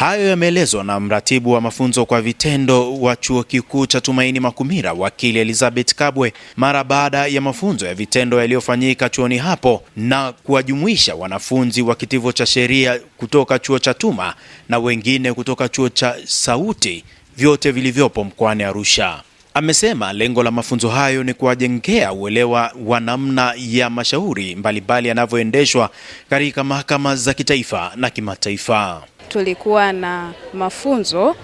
Hayo yameelezwa na mratibu wa mafunzo kwa vitendo wa Chuo Kikuu cha Tumaini Makumira, wakili Elizabeth Kabwe, mara baada ya mafunzo ya vitendo yaliyofanyika chuoni hapo na kuwajumuisha wanafunzi wa kitivo cha sheria kutoka chuo cha Tuma na wengine kutoka chuo cha Sauti, vyote vilivyopo mkoani Arusha. Amesema lengo la mafunzo hayo ni kuwajengea uelewa wa namna ya mashauri mbalimbali yanavyoendeshwa katika mahakama za kitaifa na kimataifa tulikuwa na mafunzo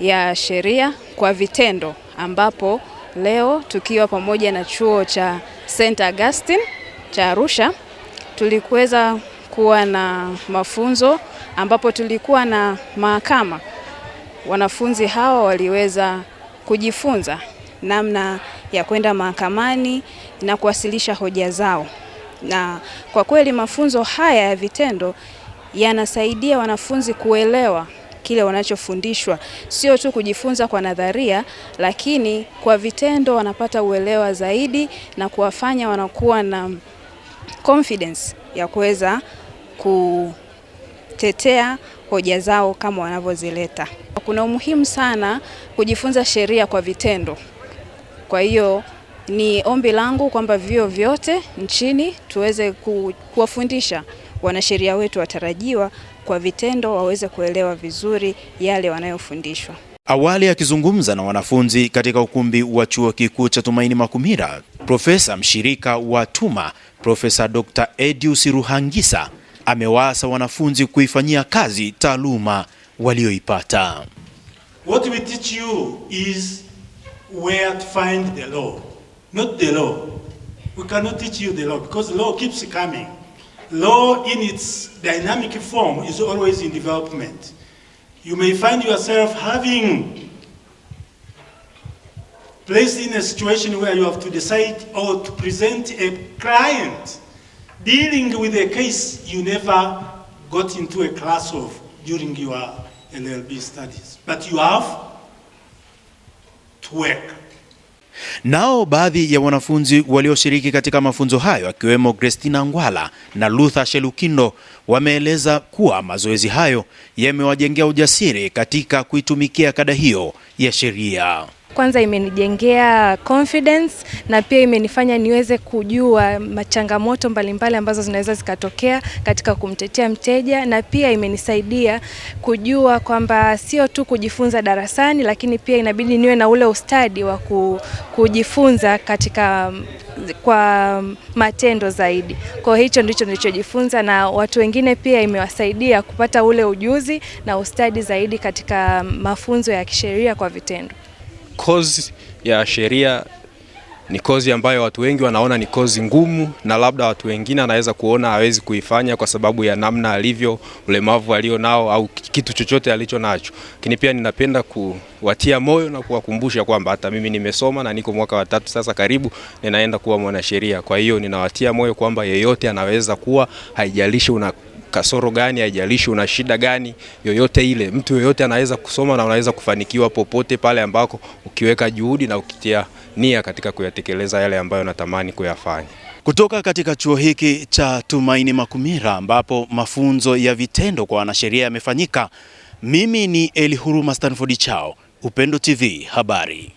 ya sheria kwa vitendo, ambapo leo tukiwa pamoja na chuo cha St. Augustine cha Arusha tulikuweza kuwa na mafunzo ambapo tulikuwa na mahakama. Wanafunzi hawa waliweza kujifunza namna ya kwenda mahakamani na kuwasilisha hoja zao, na kwa kweli mafunzo haya ya vitendo yanasaidia wanafunzi kuelewa kile wanachofundishwa, sio tu kujifunza kwa nadharia, lakini kwa vitendo wanapata uelewa zaidi na kuwafanya wanakuwa na confidence ya kuweza kutetea hoja zao kama wanavyozileta. Kuna umuhimu sana kujifunza sheria kwa vitendo. Kwa hiyo ni ombi langu kwamba vyuo vyote nchini tuweze kuwafundisha wanasheria wetu watarajiwa kwa vitendo waweze kuelewa vizuri yale wanayofundishwa. Awali akizungumza na wanafunzi katika ukumbi wa Chuo Kikuu cha Tumaini Makumira, profesa mshirika wa TUMA Profesa Dr. Edius Ruhangisa amewaasa wanafunzi kuifanyia kazi taaluma walioipata. What we teach you is where to find the law, not the law. We cannot teach you the law because the law keeps coming. Law in its dynamic form is always in development. You may find yourself having placed in a situation where you have to decide or to present a client dealing with a case you never got into a class of during your LLB studies. But you have to work. Nao baadhi ya wanafunzi walioshiriki katika mafunzo hayo akiwemo Christina Ngwala na Luther Shelukindo wameeleza kuwa mazoezi hayo yamewajengea ujasiri katika kuitumikia kada hiyo ya sheria. Kwanza imenijengea confidence na pia imenifanya niweze kujua machangamoto mbalimbali ambazo zinaweza zikatokea katika kumtetea mteja, na pia imenisaidia kujua kwamba sio tu kujifunza darasani, lakini pia inabidi niwe na ule ustadi wa kujifunza katika kwa matendo zaidi. Kwa hicho ndicho nilichojifunza, na watu wengine pia imewasaidia kupata ule ujuzi na ustadi zaidi katika mafunzo ya kisheria kwa vitendo kozi ya sheria ni kozi ambayo watu wengi wanaona ni kozi ngumu, na labda watu wengine anaweza kuona hawezi kuifanya kwa sababu ya namna alivyo, ulemavu alio nao au kitu chochote alicho nacho. Lakini pia ninapenda kuwatia moyo na kuwakumbusha kwamba hata mimi nimesoma na niko mwaka wa tatu sasa, karibu ninaenda kuwa mwanasheria. Kwa hiyo ninawatia moyo kwamba yeyote anaweza kuwa, haijalishi una kasoro gani, haijalishi una shida gani yoyote ile, mtu yoyote anaweza kusoma na unaweza kufanikiwa popote pale ambako ukiweka juhudi na ukitia nia katika kuyatekeleza yale ambayo natamani kuyafanya. Kutoka katika chuo hiki cha Tumaini Makumira ambapo mafunzo ya vitendo kwa wanasheria yamefanyika, mimi ni Elihuruma Stanford Chao, Upendo TV habari.